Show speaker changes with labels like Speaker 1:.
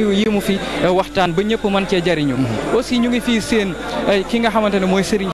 Speaker 1: yi mu fi waxtaan ba ñëpp mën cee jariñu mm-hmm. aussi ñu ngi fii seen ki nga xamante ne mooy sëriñ